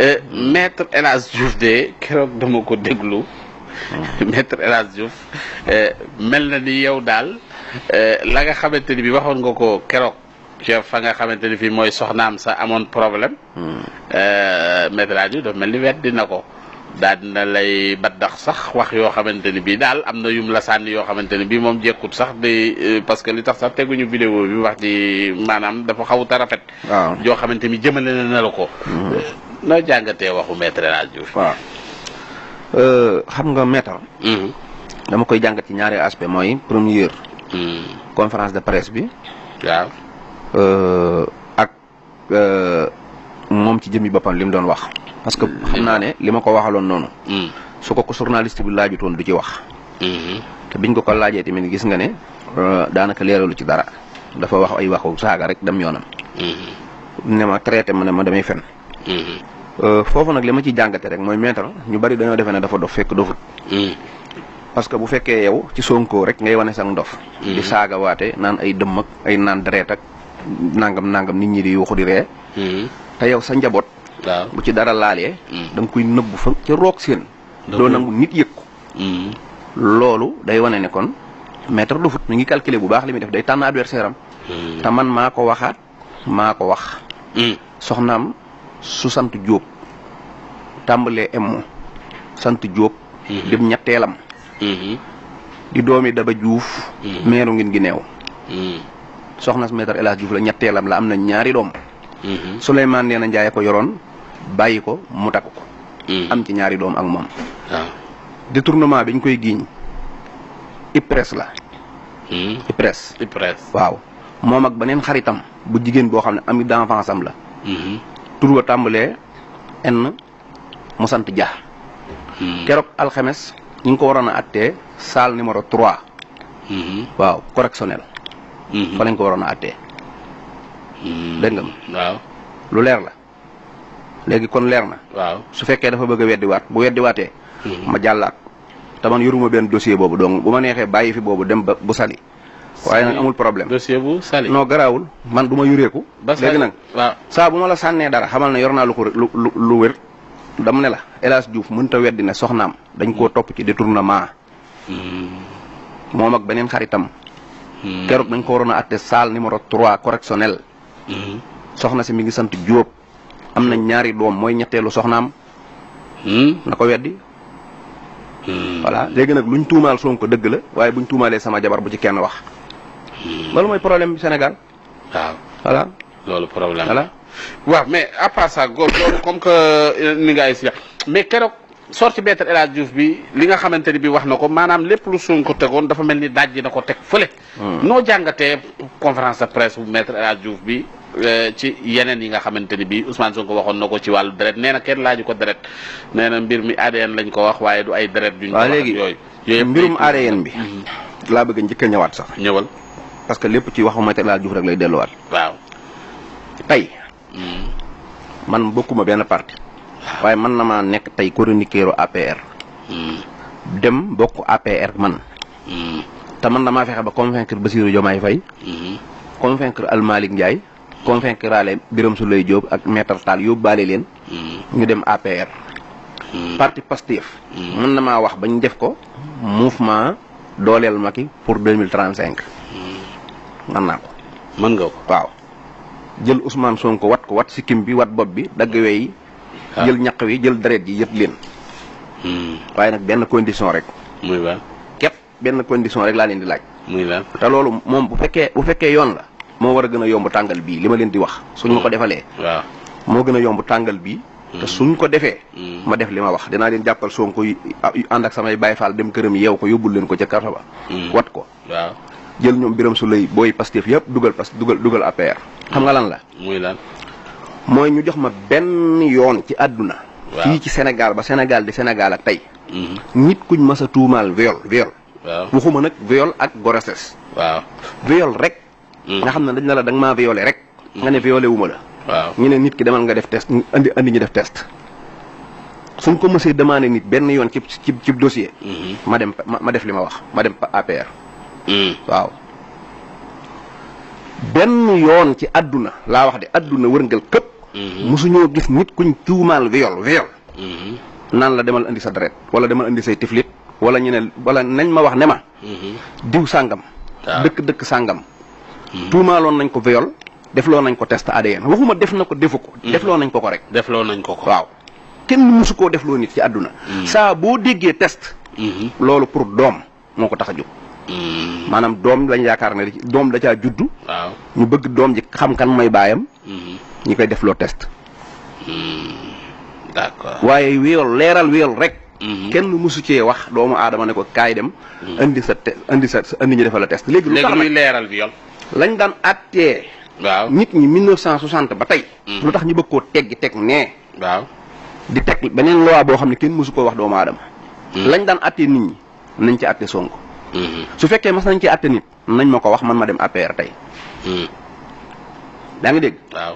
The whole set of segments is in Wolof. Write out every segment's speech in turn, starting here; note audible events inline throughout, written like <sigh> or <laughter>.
Euh, maître El Hadj Diouf de keroog dama ko déglu hmm. maître El Hadj Diouf euh, mel na ni yow daal euh, la nga xamante ni bi waxoon nga ko keroog fa nga xamante ni fii mooy soxnaam sax amoon problème hmm. maître El Hadj Diouf dafa mel ni weddi na ko daal dina lay baddax sax wax yoo xamante ni bii daal am na yum la sànni yoo xamante ni bii moom jekkut sax day parce que li tax sax teguñu vidéo bi wax ci maanaam dafa xawut a rafet. waaw yoo xamante ni jëmale na la ko. Hmm. noo jangate waxu maître radio Hadj eh, Diouf. xam nga maître. hmm dama koy jàngat ci ñaari aspect moy premier hmm conférence de presse bi. waaw. Eh, ak euh mom ci jëmi bopam lim doon wax. parce que xamna naa ne li ma ko waxaloon noonu. Mm-hmm. su ko ko journaliste bi laajutoon du ci wax. hmm te biñ ko ko laajee tamit gis nga ne eh, danaka leralu ci dara dafa wax ay waxu saga rek dam yonam hmm nema traité mané ma damay fen. Mm-hmm. Euh, foofu nag li ma ciy jàngate rek mooy maître ñu bari dañoo defee ne dafa dof fekk dofut. Hmm. parce que bu fekkee yow ci Sonko rek ngay wane sax ndof. Hmm. di saaga waate naan ay dëmm ay naan deret ak nangam nangam nit ñi di yuuxu di ree. Hmm. te yow sa njaboot. bu ci dara laalee. da koy nëbbu fa ca roog seen. doo nangu nit yëg loolu day wane ne kon maître dofut mi ngi calculer bu baax li muy def day tànn adversaire am. te man maa ko waxaat maa ko wax. soxnaam su sant Diop tàmbalee M sant Diop. dem ñettelam di doomi Daba juuf meru ngin gi neew. soxna si maître El Hadj la ñettelam la amna ñaari doom. suleyman neena ko yoron bayiko ko mu ko. am ci ñaari doom ak mom waaw tournement biñ koy giiñ IPRES la. IPRES. IPRES waaw mom ak benen xaritam bu jigen bo xamne ami d'enfance am la. tur wa tàmbalee enn mu sant Dia. Hmm. keroog alxemes ñu ngi ko waroon a attee salle numéro trois. Hmm. waaw correctionnel. Hmm. fa lañ ko waroon a attee. dégg lu leer la. léegi kon leer na. waaw su fekkee dafa bëgg weddiwaat bu weddiwaatee. ma jàllaat te man yoruma benn dossier boobu donc bu ma neexee bàyyi fi boobu dem ba bu sali. waye nak amul problème dossier bu sali non grawul man duma yureku yureeku nak sa buma la sané dara xamal na yorna lu lu wër dam né la hélas Hadj Diouf mënta wéddi né soxnam dañ ko top ci détournement hmm mom ak benen xaritam hmm kérok dañ ko worona atté atte salle numéro 3 correctionnel hmm soxna ci mi ngi sant Diop amna ñaari dom moy ñettelu soxnam hmm nako wéddi hmm voilà léegi nak luñ tuumal Sonko deug la waye buñ tuumalé sama jabar bu ci kenn wax loolu mooy problème bi Sénégal. waaw voilà. loolu problème voilà. waaw mais à part comme que euh, nga ay si mais keroog sorti Maître El Hadj bi li nga xamante ni bi wax na ko maanaam lépp lu Sonko tegoon dafa mel ni dajji na ko teg fële. Hmm. noo jàngatee conférence de presse bu Maître El Hadj Diouf bi euh, ci yeneen yi nga xamante ni bi Ousmane ko waxoon na ko ci wàllu deret nee na kenn laaju ko deret nee na mbir mi ADN lañ ko wax waaye du ay deret. duñ ko wax yooyu léegi mbirum ADN bi. Hmm. laa bëgg njëkk a ñëwaat sax ñëwal. parce que lépp ci waxu Maître El Hadji Diouf rek lay delluwaat. waaw tey. Hmm. man bokkuma benn parti. waaye man na ma nekk tey chroniqueur APR. Hmm. dem bokk APR man. Hmm. te man damaa fexe ba convaincre Bassirou Diomaye Faye. convaincre Almalick Ndiaye. convaincre raale Birame Souleye Diop ak Maître Tall yóbbaale leen. ñu dem APR. parti Pastef. mën na maa wax ba def ko mouvement dooleel Macky pour deux mille trente cinq. mën naa ko. mën nga ko waaw. jël Ousmane Sonko wat ko wat sikkim bi wat bopp bi dagg weyi ah. jël ñaq wi jël deret yi yëpp leen. Hmm. waaye nag benn condition rek. muy képp benn condition rek laa leen di laaj. muy te loolu moom bu fekkee bu fekkee yoon la. moo war a gën a yomb tàngal bii li ma leen di wax. suñ ma ko hmm. defalee. moo gën yomb tàngal bii. Hmm. suñ ko defee. ma def li ma wax dinaa leen jàppal Sonko ànd ak samay Baay Faal dem këram yeew ko yóbbul leen ko ca kaso ba. wat ko jël ñom biram su lay boy pastef yépp dugal pas dugal duggal APR xam nga lan la muy lan moy ñu jox ma benn yoon ci aduna fi ci Sénégal ba Sénégal di Sénégal ak mhm. nit kuñ masa tuumaal viol viol waxuma nak viol ak grossesse waaw viol rek mhm. nga xamna dañ la dang ma violer rek mhm. nga ne violé wuma la waaw ñu nit ki demal nga def test andi andi ñu def test suñ ko mësee demandé nit benn yoon ci ci ci dossier ma dem ma def lima wax ma dem APR Mm. waaw benn yoon ci àdduna laa wax de àdduna wërngal këpp mm-hmm. mosuñoo gis nit kuñ tuumaal viol viol mm-hmm. naan la demal indi sa deret wala demal indi say tiflit wala ñu ne wala nañ ma wax ne ma mm-hmm. diw sàngam ah. dëkk dëkk sàngam tuumaaloon nañ ko viol defloo nañ ko test ADN waxuma def na ko defu ko defloo nañ ko ko rek defloo nañ ko ko waaw kenn mosu koo defloo nit ci àdduna saa boo déggee test loolu pour doom moo ko tax a jóg maanaam doom lañ yaakaar na ne doom da caa juddu. waaw ñu bëgg doom ji xam kan mooy baayam. Mm-hmm. ñu koy def loo test. Mm-hmm. d'accord waaye wiyool leeral wiyool rek. Mm-hmm. kenn mësu cee wax doomu aadama ne ko kaay dem. indi sa te indi sa indi ñu defal la test. léegi lu tax léegi leeral wiyool. lañ daan àttee. waaw nit ñi 1960 ba tey. lu tax ñu bëgg koo teggi teg nee. waaw di teg beneen loi boo xam ne kenn mësu koo wax doomu aadama. lañ daan àttee nit ñi nañ ci àttee Sonko. Mm-hmm. su fekkee mas nañ ci àtte nit nañ ma ko wax man ma dem APR tey. daa mm-hmm. ngi dégg. waaw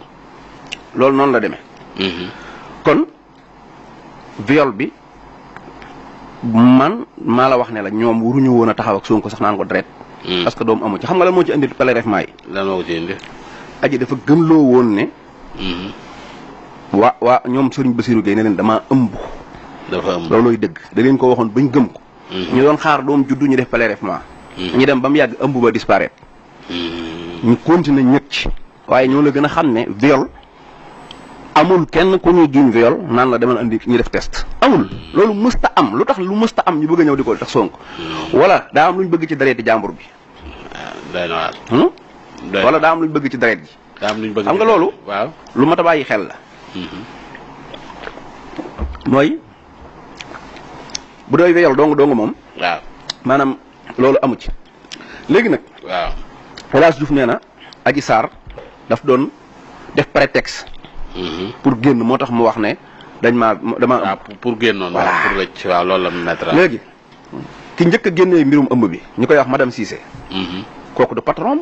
loolu noonu la demee. Mm-hmm. kon viol bi man maa la wax ne la ñoom waruñu woon a taxawak ak Sonko sax naan ko deret. Mm. parce que doomu amu ci xam nga lan moo ci indi prélèvement yi. lan moo dafa gën loo woon ne. waa waa ñoom Serigne Bassirou Gueye ne leen damaa ëmb. dafa ëmb loolooy dëgg da ko waxoon bañ gëm ko. ñu doon xaar doom juddu mm-hmm. ñu def prélèvement ñi dem bam yag ëmbu ba disparaître mm-hmm. ñu continuer ñëc ci ñoo la gëna xamné viol amul kenn ku ñu giñ viol naan la demal andi ñu def test amul mm-hmm. loolu musta am lutax lu musta am ñu bëgg ñëw diko tax sonk wala da am luñu bëgg ci dareeti jàmbur bi ah, hmm? wala da am luñu bëgg ci dareet ji da am luñu bëgg xam nga loolu waaw lu mata bayyi xel la moy bu doy weyal dong dong mom waaw manam lolu amu ci legui nak waaw hélas diouf neena aji sar daf don def hmm pour génn motax mu wax ne dañ ma dama waaw ah, pour génnoon voilà pour lecc waaw lolu la mettre legui ki ñeuk a mbirum ëmb bi ñukoy wax madame Cissé mhm. koku du patron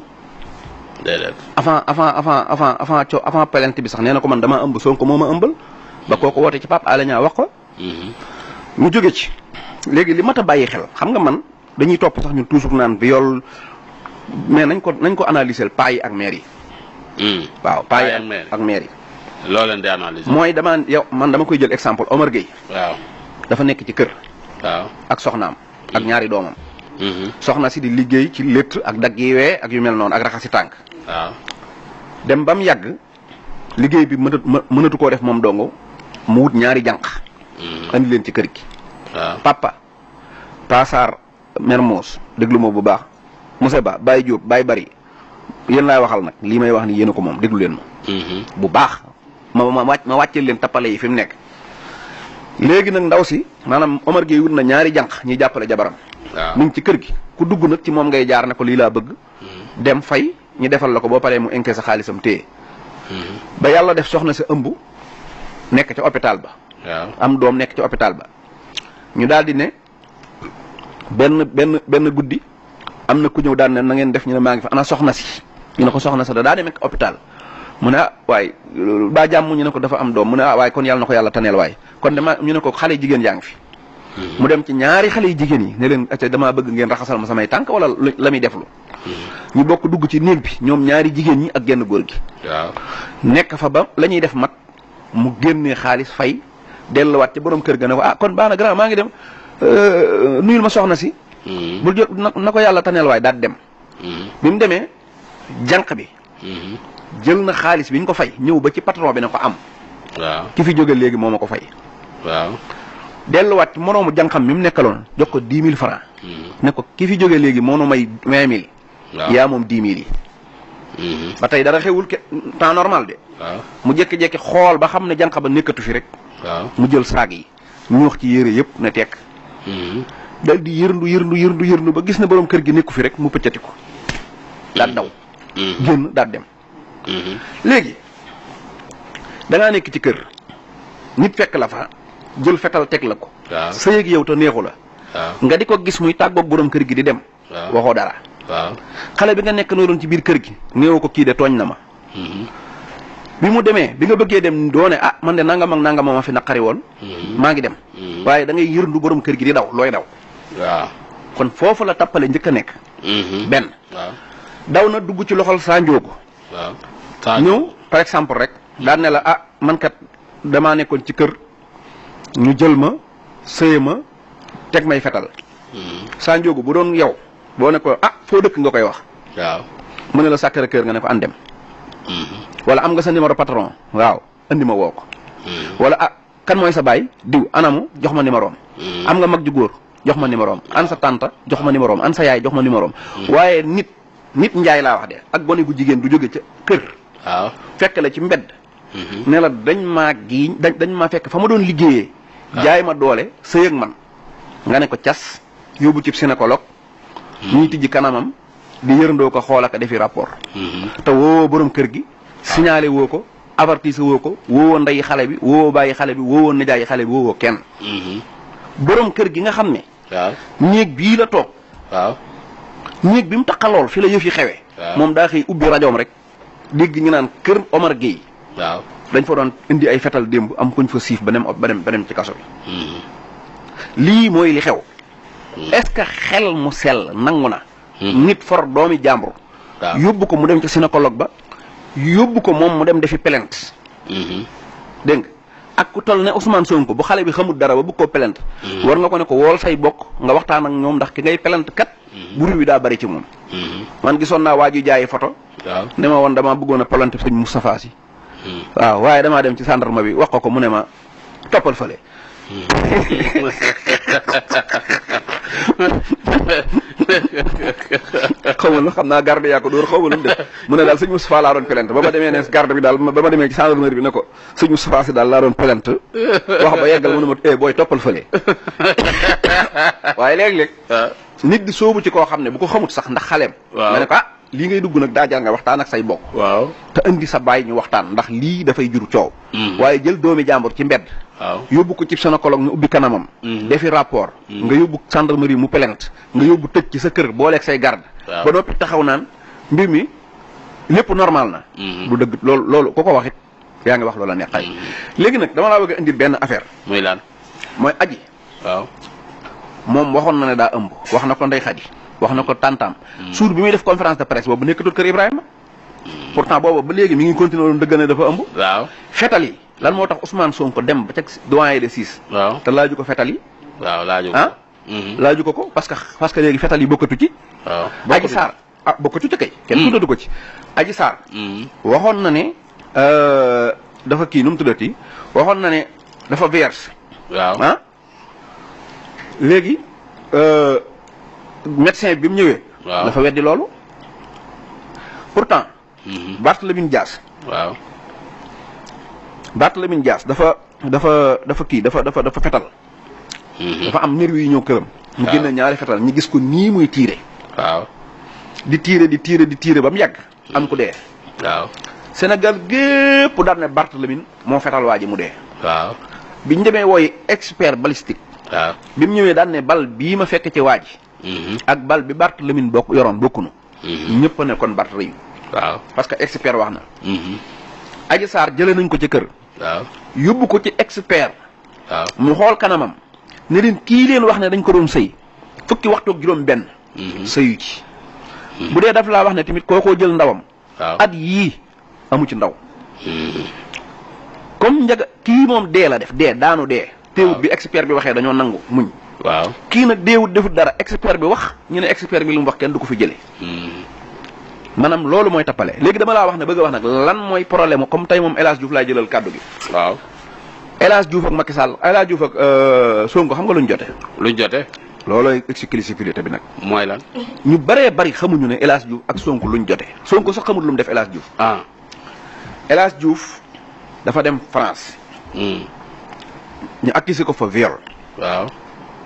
dedet avant avant avant avant avant coow avant pelente bi sax neena ko man dama ëmb sonko moma ma ëmbal ba koku woote ci pap Alé wax ko mhm mu joge ci legui li mata baye xel xam nga man dañuy top sax ñun toujours bi viol mais nañ ko nañ ko analyser paye ak maire yi. Hmm. waaw paye ak maire ak di analyser. moy dama yow man dama koy jël exemple Omar Gueye. waaw dafa nek ci kër. waaw ak soxnam ak hmm. ñaari hmm soxna ci di liggey ci lettre ak dag yi wé ak yu mel non ak raxasi tank waaw dem bam mu liggey bi meunatu ko def mom dongo mu wut ñaari jank Hmm. andi len ci kër papa pasar mermos deglu mo bu baax Moussa Ba Baye job Baye Bari yeen lay waxal nak lii may wax ni yeen ko mom deglu len mo hmm. bu baax ma ma wacce len tapale yi fim nek legi nak ndaw si manam Omar Gueye wut ñaari jank ñi jappale jabaram mu ngi ci kër gi ku dugg nak ci mom ngay jaar nak li la bëgg hmm. dem fay ñi defal la bo boo mu inke sa xaalisam té ba yalla def soxna sa ëmbu nek ci hôpital ba am doom nekk ci hôpital ba ñu daldi di ne ben ben ben guddi am ku ñew daal ne na ngeen def ñu ne ngi fa ana soxna ci ñu ne ko soxna sa da nek hôpital mu ne ah, ba jàmm ñu ne ko dafa am doom mu ne ah, waay kon yalla nako ko tanel way kon dama ñu ne ko xale jigéen yaa fi mm-hmm. mu dem ci ñaari xalé jigen yi ne leen acca dama bëgg ngeen raxasal ma samay tank wala lamuy def lu mm-hmm. ñu bokku dugg ci néeg bi ñaari jigen yi ak genn goor gi nek fa ba lañuy def mat mu genné xaaliss fay delluwaat ci borom kër ga ne ko ah, kon baax ngi dem euh, nuyul ma soxna si. Mm-hmm. bul na ko yàlla taneel waay daal dem. Mm-hmm. bi demee jànq bi. Mm-hmm. jël na xaalis bi ko fay ñëw ba ci patron bi ko am. waaw fi jóge léegi moo ma ko fay. delluwaat moroomu jànqam mi mu nekkaloon jox ko mille francs. ne ko ki fi jóge léegi moo nu may vingt mille. waaw yaa moom dix mille yi. ba tey dara xewul temps normal de. mu jékki-jékki xool ba xam ne jànq ba nekkatu fi rek. waaw mu jël saag yi ñu wax ci yére yëpp na tekk mm-hmm. daal di yërndu yërndu yërndu yërndu ba gis na boroom kër gi nekku fi rek mu pëccati ko daal daw mm-hmm. Mm-hmm. génn daal dem léegi dangaa nekk ci kër nit fekk la fa jël fetal teg la ko sa yéeg yow te neexu la nga di ko gis muy tàggoog boroom kër gi di dem waxoo dara xale bi nga nekk noo ci biir kër gi néew ko kii de tooñ na ma bi mu démé bi nga bëggé dem doone ah man de nangam ak nangam ma fi nakari won hmm. ma ngi dem hmm. waaye da ngay yërndu borom kër gi di daw loy daw waaw kon fofu la tappale njëkk a ben, hmm. benn daw na dugg ci loxol saa njoogu waaw ñu par exemple rek da né la ah man kat damaa nekkoon ci kër ñu jël ma sey ma tek may fetal sa njoogu bu doon yow bo ne ko ah fo dëkk nga koy wax waaw mané la sakkar kër nga ne ko andem wala am nga sa numéro patron waaw andi ma woo hmm. wala ah, kan moy sa bay diw anamu jox ma numéro hmm. am nga mag ju gor jox ma numéro an sa tante jox ma numéro an sa yaay jox ma numéro hmm. waye nit nit njaay la wax de ak boni gu jigen du joge ci keur waaw fekk la ci mbedd ne la dañ ma giiñ dañ ma fekk fama ma doon liggéeyee ah. jaay ma doole sey ak man nga ne ko tias yobu ci psychologue kanamam di yeurndo ko xool ak defi rapport te borom keur gi signalé woo ko avertise woo ko woowoo ndey xale bi woo bàyyi xale bi woowoo nijaayi xale bi woowoo kenn. Mhm. boroom kër gi nga xam ne. néeg bii la toog. néeg bi mu taqalool fi la yëf yi xewee. moom daa xëy ubbi rajoom rek. dégg ñu naan kër Omar Gueye. waaw dañ fa doon indi ay fetal démb am kuñ fa siif ba dem ba dem ci kaso bi. Mhm. lii mooy li xew. Mhm. est-ce que xel mu sel nangu na. nit for doomi jàmbur. yóbbu ko mu dem ca synagogue ba. yóbbu ko moom mu dem defi plainte. Mhm. dégg nga ak ku toll ne Ousmane ko bu xale bi xamul dara ba bëgg koo plainte. Mhm. war nga ko ne ko wool say bokk nga waxtaan ak ñoom ndax ki ngay plainte kat. Mhm. buru bi daa bari ci moom. man gisoon naa waa ju jaayi foto waaw ne ma woon damaa bëggoon a plainte sëñ Moustapha Sy. waaw waaye damaa dem ci gendarme bi wax ko ko mu ne ma toppal fële. <laughs> xaw ma lu xam naa garde yaa ko dóor xaw ma mu ne daal sëñ Moustapha laa doon plainte ba ma demee ne garde bi daal ba ma demee ci gendarmerie bi ne ko sëñ Moustapha si daal laa doon plainte wax eh, booy toppal fële <laughs> waaye léeg-léeg ah. nit di sóobu ci koo xam ne bu ko xamut sax ndax xaleem nga ko ah li ngay dugg nak da jar nga waxtaan ak say mbokk waaw te indi sa bay ñu waxtaan ndax da fay jur ciow mm-hmm. waye jël doomi jàmbur ci mbedd waaw yobbu ko ci gynécologue ñu ubbi kanamam mm-hmm. defi rapport mm-hmm. nga yobbu gendarmerie mu plainte nga yobbu tecc ci sa kër booleeg say garde ba noppi taxaw naan mbir mi lepp normal na du deug lool lool ko ko waxit ya nga wax loola neexay legi nak dama la bëgg a ben affaire muy laan moy aji waaw mom waxon na ne da ëmb wax na ko ndey xadi wax nako tantam sour hmm. bi muy def conférence de presse bobu nekatul keur Ibrahima hmm. pourtant bobu ba léegi mi ngi continuer woon deugane dafa ëmb waaw fétali lan motax Ousmane Sonko dem ba ci doyen de 6 waaw te laaju ko fétali waaw laaju ko ah? hmm laaju ko ko parce que parce que léegi fétali yi bokkatu ci waaw aji sar ah bokkatu ci kay kenn hmm. tuddatu ko ci aji sar hmm waxon na ne euh, dafa ki num mu tuddati waxoon na ne dafa verse waaw ah euh médecin bi mu ñëwee. waaw dafa weddi loolu. pourtant. Mhm. Barthélémy Dias. waaw Barthélémy Dias dafa dafa dafa kii dafa dafa dafa fetal. Mhm. dafa am nerf yu ñëw këram. mu génne ñaari fetal ñu gis ko nii muy tiire. di tiire di tiire di tiire ba mu yàgg. am ku dee. waaw Sénégal gépp daal ne moo fetal waa ji mu dee. waaw bi ñu demee wooyi expert balistique. waaw bi mu ñëwee daal ne bal bii ma fekk ci waa ji. Mhm. ak bal bi Bart Lamine bokk yoroon bokkunu mhm. ñëpp ne kon Bart rëyu waaw parce que expert wax na mhm. Adji Sarr jëlee nañ ko ci kër waaw yóbbu ko ci expert mu xool kanamam ne kii leen wax ne dañ ko doon sëy fukki waxtu ak juróom benn sëyu ci bu dee daf laa wax ne tamit kookoo jël ndawam at yii amu ci ndaw comme njaga kii moom dee la def dee daanu dee teewut bi expert bi waxee dañoo nangu muñ waaw kii nag deewut defut dara expert bi wax ñu ne expert bi lu mu wax kenn du ko fi jëlee manam hmm. loolu mooy tappale léegi dama laa Elas Diouf laay jëlal gi Elas Diouf ak Macky Elas Diouf ak euh, Sonko xam nga luñ jote luñ jote looloy exclusivité bi Elas Diouf ak Sonko luñ jote Sonko sax xamul lu Elas Diouf ah Elas Diouf dafa dem France hmm. ñu accusé ko fa viol waaw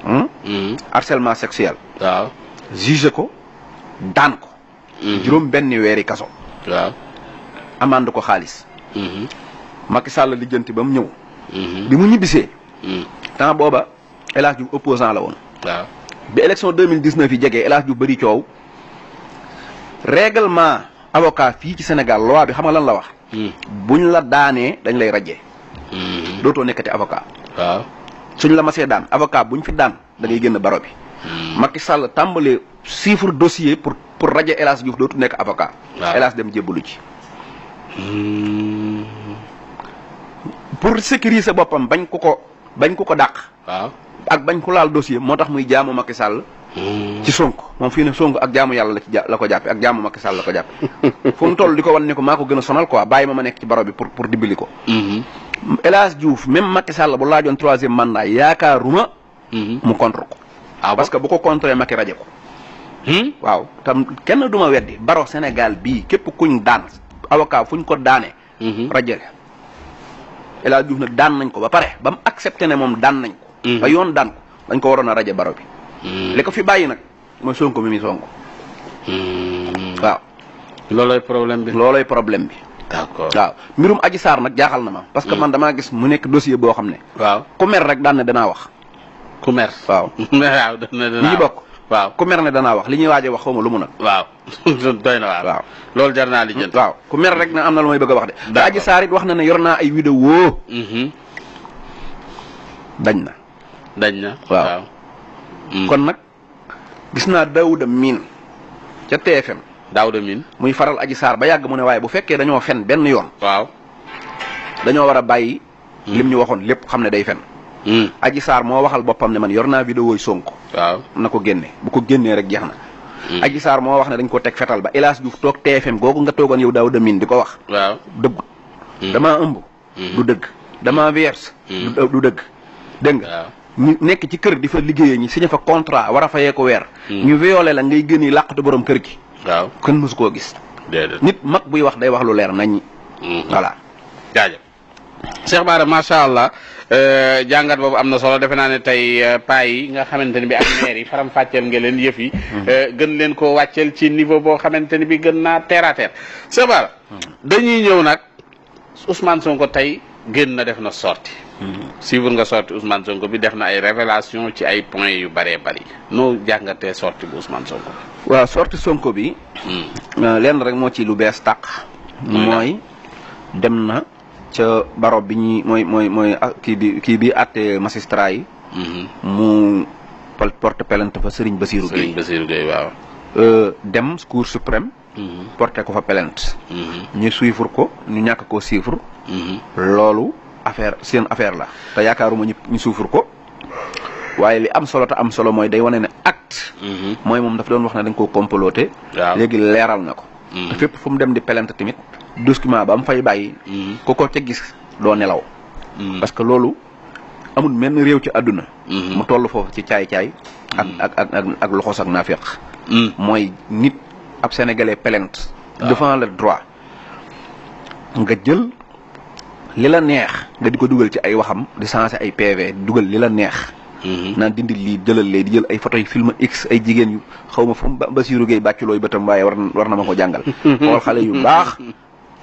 Hmm? Hmm. harcèlement sexuel. waaw juge ko daan ko. Hmm. juróom benni weeri kaso. waaw ko xaalis. Macky Sall lijjanti ba mu ñëw. bi mu ñibbisee. temps booba El Hadj la woon. waaw bi élection deux mille dix neuf yi jegee El Hadj bëri coow. règlement avocat fii ci Sénégal loi bi xam nga lan la wax. buñ la daanee dañ lay rajee. dootoo nekkati avocat. suñ la masee daan avocat buñ fi daan da ngay génn baro bi hmm. Macky Sall tambalé chiffre dossier pour pour radio El Diouf dootu nek avocat El dem jébbalu ci hmm. pour sécuriser boppam bañ ko ko bañ ko ko dàq ak bañ ko laal dossier motax muy jaamu Macky Sall hmm. ci sonko mom fi ne sonko ak jaamu Yalla la ci la ko jàppe ak jaamu Macky Sall la ko jàppe <laughs> fu mu toll di wone ne ko mako gëna sonal quoi bayima ma nek ci baro bi pour pour dibbali El Hadj Diouf même Macky Sall bu laajoon troisième mandat yaakaaruma. Mhm. mu contre ko. Ah parce que bu ko contré Macky raje ko. Hmm? waaw tam kenn duma weddi baro Sénégal bii képp kuñ daan avocat fuñ ko daane. Mhm. rajo El Hadj Diouf nag daan nañ ko ba pare ba mu accepté ne moom daan nañ ko. Mhm. ba yoon daan ko dañ ko waroon a rajo baro bi. Hmm. li ko fi bàyyi nag mooy Sonko mi mi Sonko. Hmm. waaw. loolooy problème bi loolooy problème bi. d'accord waaw mbirum aji saar nag jaaxal na ma. parce que mm. man damaa gis mu nekk dossier boo xam ne. waaw ku mer rek daan ne danaa wax. <laughs> ku mer waaw. waaw ñi waaw ku danaa wax li ñuy waaj wax xaw lu mu nag. waaw <laughs> doy loolu jar naa li jënd. waaw ku mer rek na am na lu may bëgg a wax de. te aji saar wax na ne yor naa ay vidéo. Mm-hmm. dañ na. dañ na waaw. Mm. kon nag gis naa Daouda Mine ca TFM. daawda min muy faral aji saar ba yàgg mu ne waaye bu fekkee dañoo fen ben yoon waaw dañoo wara a bàyyi hmm. lim ñu waxoon day fen hmm. aji saar moo waxal boppam ne man yor sonko waaw na video génne bu ko génnee rek jeex na hmm. aji saar moo wax ne dañ ko teg fetal ba Elaas Diouf toog TFM googu nga toogoon yow daaw damin di ko wax waaw dëggut dama ëmb du dëgg damaa weers du dëgg dégg nga ñu nekk ci kër di fa liggéeyee ñi signé fa contrat war a fayee ko weer ñu violé la ngay borom kër gi waaw kenn mësu koo gis. nit mag buy wax day wax lu leer nañ mhm. voilà jaajëf. Cheikh macha allah euh, jàngat boobu am na solo defe naa ne tey euh, paa yi nga xamante ne bi ak maire yi faram fàcceel nga leen yëf mhm. euh, gën leen koo wàcceel ci niveau boo xamante ne bi gën naa terre à terre mhm. dañuy ñëw nag Ousmane Sonko tey. gën na def na sorti hmm. suivre nga sorti Ousmane Sonko bi def na ay révélation ci ay point yu bare bare no jangate sorti bu Ousmane Sonko wa sorti Sonko bi hmm. euh, len rek mo ci lu bes tak moy dem na ci barob bi ni moy moy moy ah, ki bi ki bi até magistrat yi hmm. mu porte pelante fa Serigne basirou Gueye basirou Gueye waaw euh, dem cour suprême porté ko fa pelante ñu suivre ko ñu ñak ko suivre loolu affaire seen affaire la te yaakaaruma ñu suufur ko waaye li am solo te am solo mooy day wane ne acte mhm. mooy moom dafa doon wax ne dañ koo comploté léegi leeral na ko mhm. te fépp fu mu dem di pelente tamit document ba mu fay bàyyi mhm. ko ko ca gis doo nelaw parce que loolu amul menn réew ci àdduna mu toll foofu ci caay-caay ak ak ak ak ak mooy nit ab sénégalais pelente devant le droit nga jël li la neex nga di ko dugal ci ay waxam di changé ay PV dugal li la neex. Mhm. naan dindi lii jëlal lee di jël ay photo yu film x ay jigéen yu xaw ma fu mu Basiirou Gueye bàcculooyu bëtam waaye war na war na ma ko jàngal. <laughs> xool xale yu baax. Mhm.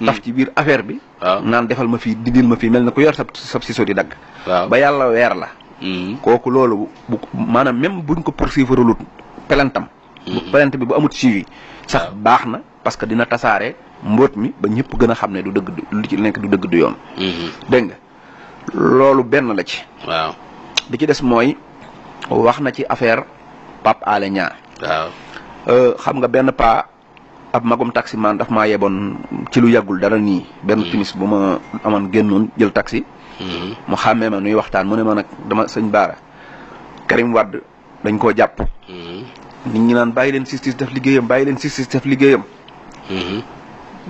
taf ci biir affaire bi. naan defal ma fii dindil ma fii mel na ko yor sab sab siso di dagg. ba yàlla weer la. Mhm. kooku loolu bu maanaam même buñ ko poursuivre lut pelantam. bu pelante bi bu amut suivi sax baax na. parce que dina tassaré mbot mi ba ñepp gëna xamné xam ne du dëgg lu ci nekk du dëgg du yoon hmm nga lolu ben la ci waaw bi ci dess moy wax na ci affaire pap ale ñaa waaw euh, xam nga ben pa ab magum taxi man daf ma yebon ci lu yagul dara ni ben mhm. timis bu ma amoon génnoon jël taxi mhm. mu xamé ma nuy waxtaan mu ne ma nak dama señ baara karim wad dañ japp hmm nit ñi naan bayi leen 66 def liggéeyam bayi leen 66 def liggéeyam Mm-hmm.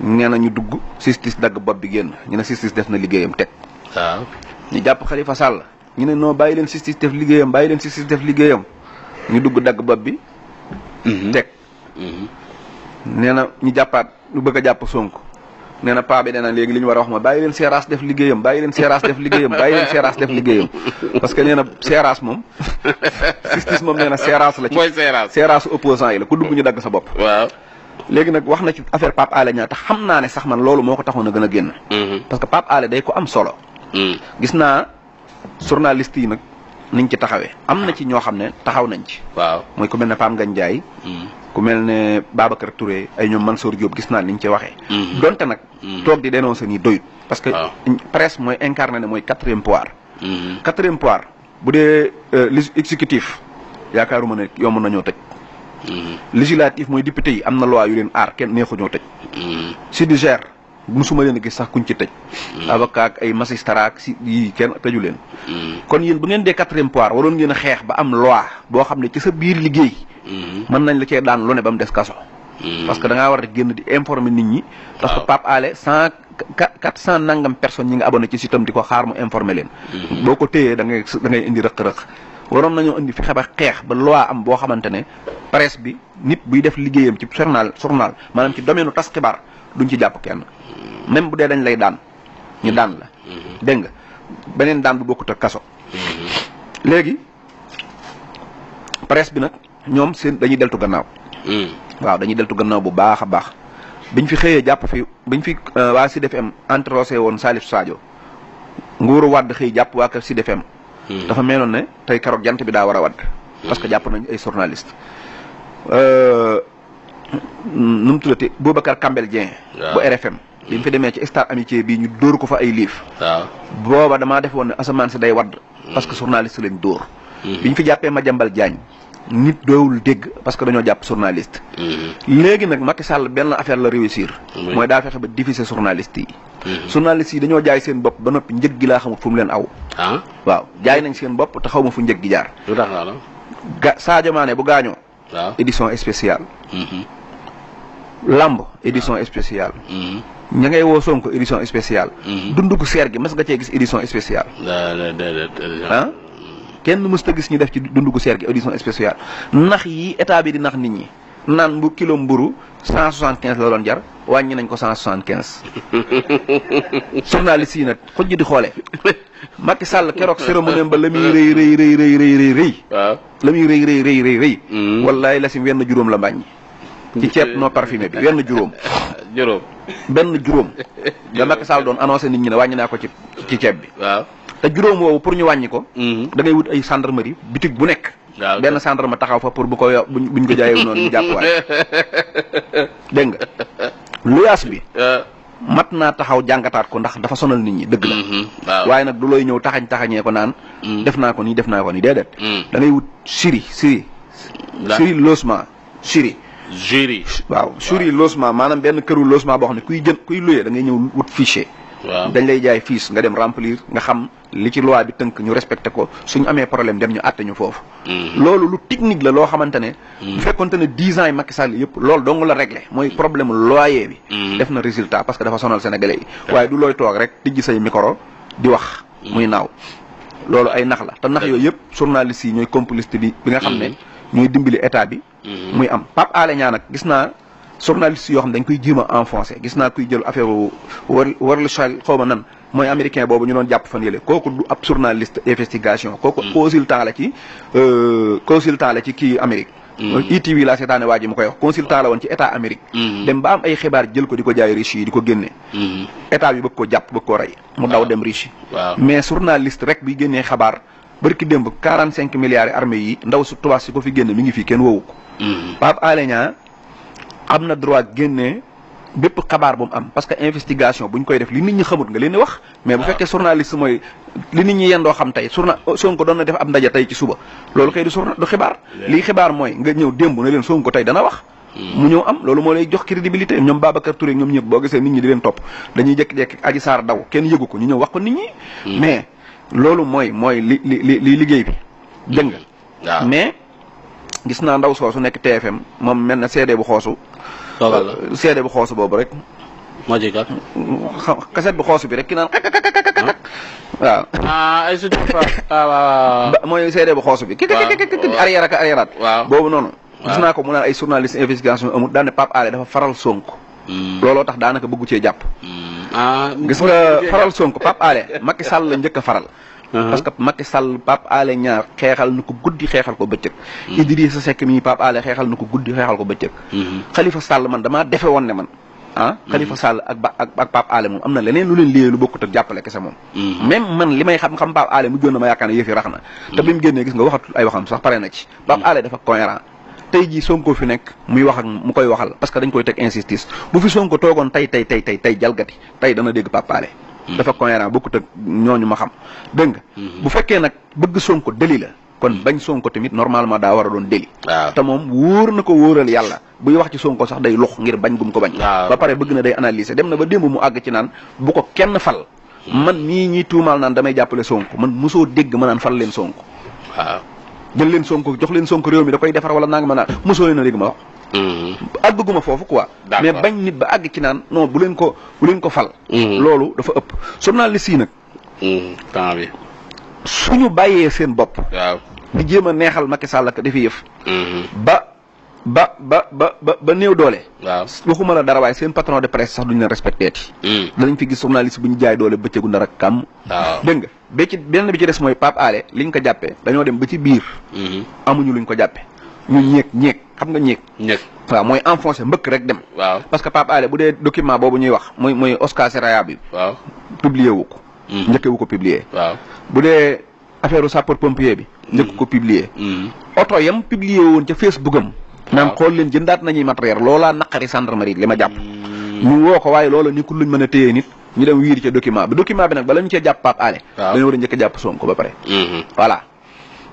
nee na ñu dugg sistis dag bob bi genn ñu ne sistis def na liggéeyam tek waaw ñu japp khalifa sall ñu ne no bayi len sistis def liggéeyam bayi len sistis def liggéeyam ñu dugg dag bob bi tek hmm mm-hmm. na ñu jappat lu bëgg japp sonku sonk pa bi nee legi liñ wara wax ma bayi len séras def liggéeyam bayi len séras def liggéeyam bayi len séras def liggéeyam parce que nee séras mom <laughs> sistis mom nee séras la ci moy séras séras opposant yi la ku dugg ñu dag sa bop waaw léegi nag wax na ci affaire Pape ale Niang te xam naa ne sax man loolu moo ko taxoon a gën a génn. Mm-hmm. parce que Pape Alé day ko am solo. Mm. gis naa journaliste yi nag niñ ci taxawee am na ci ñoo xam ne taxaw nañ ci. waaw mooy ku mel ne Pam Ngagne Ndiaye. Mm. ku mel ne Babacar Touré ay ñoom man sor Diop gis naa niñ ci waxee. Mm-hmm. donte nag. Mm-hmm. toog di dénoncer nii doyut. parce que presse mooy incarné ne mooy quatrième pouvoir. quatrième pouvoir bu dee euh, l'exécutif yaakaaruma ne yomb nañoo tëj. Mm-hmm. législatif mooy député yi am na loi yu leen aar kenn neexu ñoo tëj. Mm-hmm. si di gère musuma leen gis sax kuñ ci tëj. Mm-hmm. avocat ak ay magistrat ak si yii kenn tëju leen. kon yéen bu ngeen dee quatrième pouvoir waroon ngeen a xeex ba am loi boo xam ne ci sa biir liggéey. mën nañ la cee daan lu ba mu des kaso. parce que da war a génn di informer nit ñi. parce que Pape Alé cent cent nangam personne ñi nga abonné ci sitam di ko xaar mu informer leen. boo ko téyee da ngay da ngay indi rëq-rëq. waroon nañoo indi fexe ba xeex ba loi am boo xamante ne presse bi nit buy def liggéeyam ci journal journal maanaam ci domaine tas xibaar duñ ci jàpp kenn même bu dee dañ lay daan ñu daan la mm-hmm. dégg nga beneen daan bu bokkut ak kaso mm-hmm. léegi presse bi nag ñoom seen dañuy deltu gannaaw mm. waaw dañuy deltu gannaaw bu baax a baax biñ fi xëyee jàpp fi biñ fi euh, waa Sud FM entrosé woon Salif Sadio nguuru wàdd xëy jàpp waa kër Sud FM Hmm. dafa meloon ne tey keroog jant bi daa war a wadd parce que jàpp nañu ay journaliste euh, nu mu tuddati Boubacar Kambel Dieng bu RFM bi fi demee ci Star Amitié bii ñu dóor ko fa ay liif waaw booba damaa def woon ne asamaan si day wad hmm. parce que journaliste lañ dóor hmm. bi ñu fi jàppee Madiambal Diagne nit doowul dégg parce que dañoo jàpp journaliste. Mm-hmm. léegi nag Macky Sall benn affaire la réussir. mooy daa fexe ba diffuser journaliste yi. Mm-hmm. journaliste yi dañoo jaay seen bopp ba noppi njëg gi laa xamut fu mu leen aw. ah waaw jaay nañ seen bopp te xaw ma fu njëg gi jaar. lu tax la ga Sadio Mané bu gaaño waaw édition spéciale. Mm-hmm. làmb ah. édition spécial ña ngay woo Sonko édition spéciale. dundu gu seer gi mas nga cee gis édition spéciale. kenn mësta gis ñi def ci dundu gu seer gi audition spéciale nax yi état bi di nax nit ñi nan bu kilo mburu 175 la doon jar wàññi nañ ko 175 <laughs> journaliste yi ko xujj di xolé Macky Sall kérok cérémonie ba la muy rëy reey reey reey reey reey reey la muy reey reey reey reey reey mm. wallahi la sim wenn juroom la bañ ci ciép no parfumé bi wenn juroom <laughs> juroom ben juroom da <laughs> Macky Sall doon annoncer nit ñi na wàññi na ko ci ci ciép bi waaw te juroom woowu pour ñu wañi ko mm-hmm. da ngay wut ay gendarmerie boutique bu nek ben gendarme taxaw fa pour bu ko buñ ko jaayew non ñu japp waay <laughs> deng nga luyaas bi euh. Matna taxaw jangataat ko ndax dafa sonal nit ñi deug la mm-hmm. waay nak du looy ñew taxañ taxañe ko naan mm. def naa ko ni def ko ni dedet mm. da ngay wut siri siri siri losma siri jiri waaw suri losma manam ben këru losma bo xamne kuy jeun kuy luyé da ngay ñew wut fichier dañ lay jaay fiis nga dem remplir nga xam li ci loi bi tënk ñu respecté ko suñu amee problème dem ñu àtte ñu foofu mhm. loolu lu technique la loo xamante ne mhm. bu fekkonte ne dix ans yi Macky Sall yëpp loolu dong la réglé mooy problème loyer bi mhm. def na résultat parce que dafa sonal sénégalais yi waaye du looy toog rek tijji say micro di wax muy naaw loolu ay nax la te nax yooyu yëpp journaliste yi ñooy complice bi bi nga xam ne ñooy dimbali état bi muy am Pape Alé Niang nag gis naa journaliste yoo xam dañ koy jéem a enfoncé gis naa kuy jël affaire war warlu chal xaw ma nan mooy américain boobu ñu doon jàpp fan yële kooku du ab journaliste investigation kooku mm. consultant la ci euh, consultant la ci kii Amérique ITV mm. e la seetaane waa ko mu koy la woon ci état Amérique mm. dem ba am ay xibaar jël ko di ko jaay riche yi di ko génne état bi bëgg ko jàpp bëgg ko rey mu daw dem riche mais journaliste rek bi génnee xabaar barki démb quarante cinq milliards armée yi ndaw su tubaab ko fi génne mi ngi fii kenn am na droit génnee bépp xabaar bu mu am parce que investigation bu ñu koy def li nit ñi xamut nga leen wax. mais bu fekkee journaliste mooy li nit ñi yendoo xam tey journa euh, Sonko doon na def ab ndaje tey ci suba loolu kay du journa du xibaar. lii xibaar mooy nga ñëw démb na leen ko tey dana wax. Hmm. mu ñëw am loolu moo lay jox crédibilité ñoom Babacar ñoom ñëpp boo gisee leen topp dañuy jékki-jékki Adji Sarr daw kenn yëgu ko ñu ñëw ko nit hmm. mais loolu mooy mooy li li li li liggéey bi. dégg nga hmm. mais gis naa ndaw soo su nekk TFM moom mel na seede bu xoosu toogal la ah, seede bu xoosu boobu rek. moo ciy bu xoos bi rek ki naan ah. waaw. ah ay studio ah, mooy seede bu xoos bi. waaw waaw arrière ak arrière waaw boobu noonu. gis naa ko mu naan ay journaliste investigation amul daan ne Pape Alé dafa faral Sonko. Hmm. looloo tax daanaka bëggu cee jàpp. Hmm. ah gis nga faral Sonko Pape Alé Macky Sall la njëkk a faral. Uh-huh. parce que Macky Sall Pape Alé Niang xeexal na ko guddi xeexal ko bëccëg uh-huh. Idrissa Seck mii Pape Alé xeexal na ko guddi xeexal ko bëccëg uh-huh. Khalifa Sall man damaa defe woon ne man ah Khalifa Sall ak ba ak ak Pape Alé moom am na leneen lu leen liggéey lu bokkut ak jàppale kese moom même man li may xam-xam Pape Alé mu joon na ma yaakaar ne yëf yi rax na te bi mu génnee gis nga waxatul ay waxam sax pare na ci Pape Alé dafa cohérent tey jii Sonko fi nekk muy wax mu koy waxal parce que dañ koy teg insistance bu fi Sonko toogoon tey tey tey tey tey jalgati tey dana dégg Pape Alé Mm-hmm. dafa cohérent bokkut ak ñooñu ma xam dégg nga mm-hmm. bu fekkee nag bëgg Sonko deli la kon mm-hmm. bañ Sonko tamit normalement daa war a doon deli waaw te moom wóor na ko wóoral yàlla buy wax ci Sonko sax day lux ngir bañ gum ko bañ ba pare bëgg na day analyser dem na ba démb mu àgg ci naan bu ko kenn fal man nii ñuy tuumaal naan damay jàppale Sonko man mosoo dégg ma naan fal leen Sonko waaw jël leen Sonko jox leen Sonko réew mi da koy defar wala nanga ma naan mosoo leen a dégg ma wax Mhm. àgguma foofu quoi mais bañ nit ba àgg ci naan non bu leen ko bu ko fal mhm. loolu dafa ëpp journaliste yi nag mhm. temps bi suñu bàyyee seen bopp di neexal Macky Sall ak ba ba ba ba ba ba doole. waxuma la dara patron de presse sax duñ leen respecté ti. danañ fi gis journaliste bu jaay doole bëccëgu ndar ak kàmm. nga ba ci benn bi ci des mooy Pape nyek, liñ xam nga ñeeg. ñeeg waaw mooy enfoncé mbëkk rek dem. waaw parce que Pape Alé bu dee document boobu ñuy wax mooy mooy Oscar Seraya bi. waaw publier wu ko. Mm-hmm. njëkkee wu ko publier. bu dee affaire sapeur pompier bi. njëkk mm-hmm. ko publier. Mm-hmm. oto yam publier woon ca Facebook am. naam xool leen jëndaat nañuy matériel loolaa naqari gendarmerie li ma jàpp. ñu woo ko waaye loola ni ku luñ mën a téye nit. ñu dem wiiri ca document bi document bi nag bala ñu cee jàpp Pape Alé. waaw dañoo war jàpp Sonko ba pare. voilà.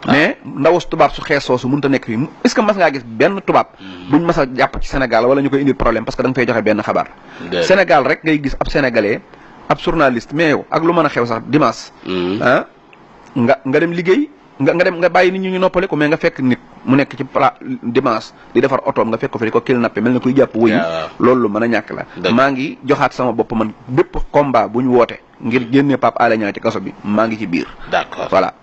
mais ndawus tubaab su xees soosu mun ta nekk fii est-ce que mas ngaa gis benn tubaab hmm. buñ mas a jàpp ci Sénégal wala ñu koy indil problème parce que da nga fay joxe benn xabaar Sénégal rek ngay gis ab sénégalais ab journaliste mais yow ak lu mën a xew sax dimanche hmm. ah nga nga dem liggéey nga nga dem nga bàyyi nit ñu ñu noppale mais nga fekk nit mu nekk ci pla dimanche di defar oto nga fekk ko fi ko kidnappé mel na kuy jàpp wëyi loolu lu a ñàkk la maa ngi joxaat sama bopp man bépp combat bu ñu woote ngir génnee pap Alé Niang ci kaso bi maa ngi ci biir d'accord voilà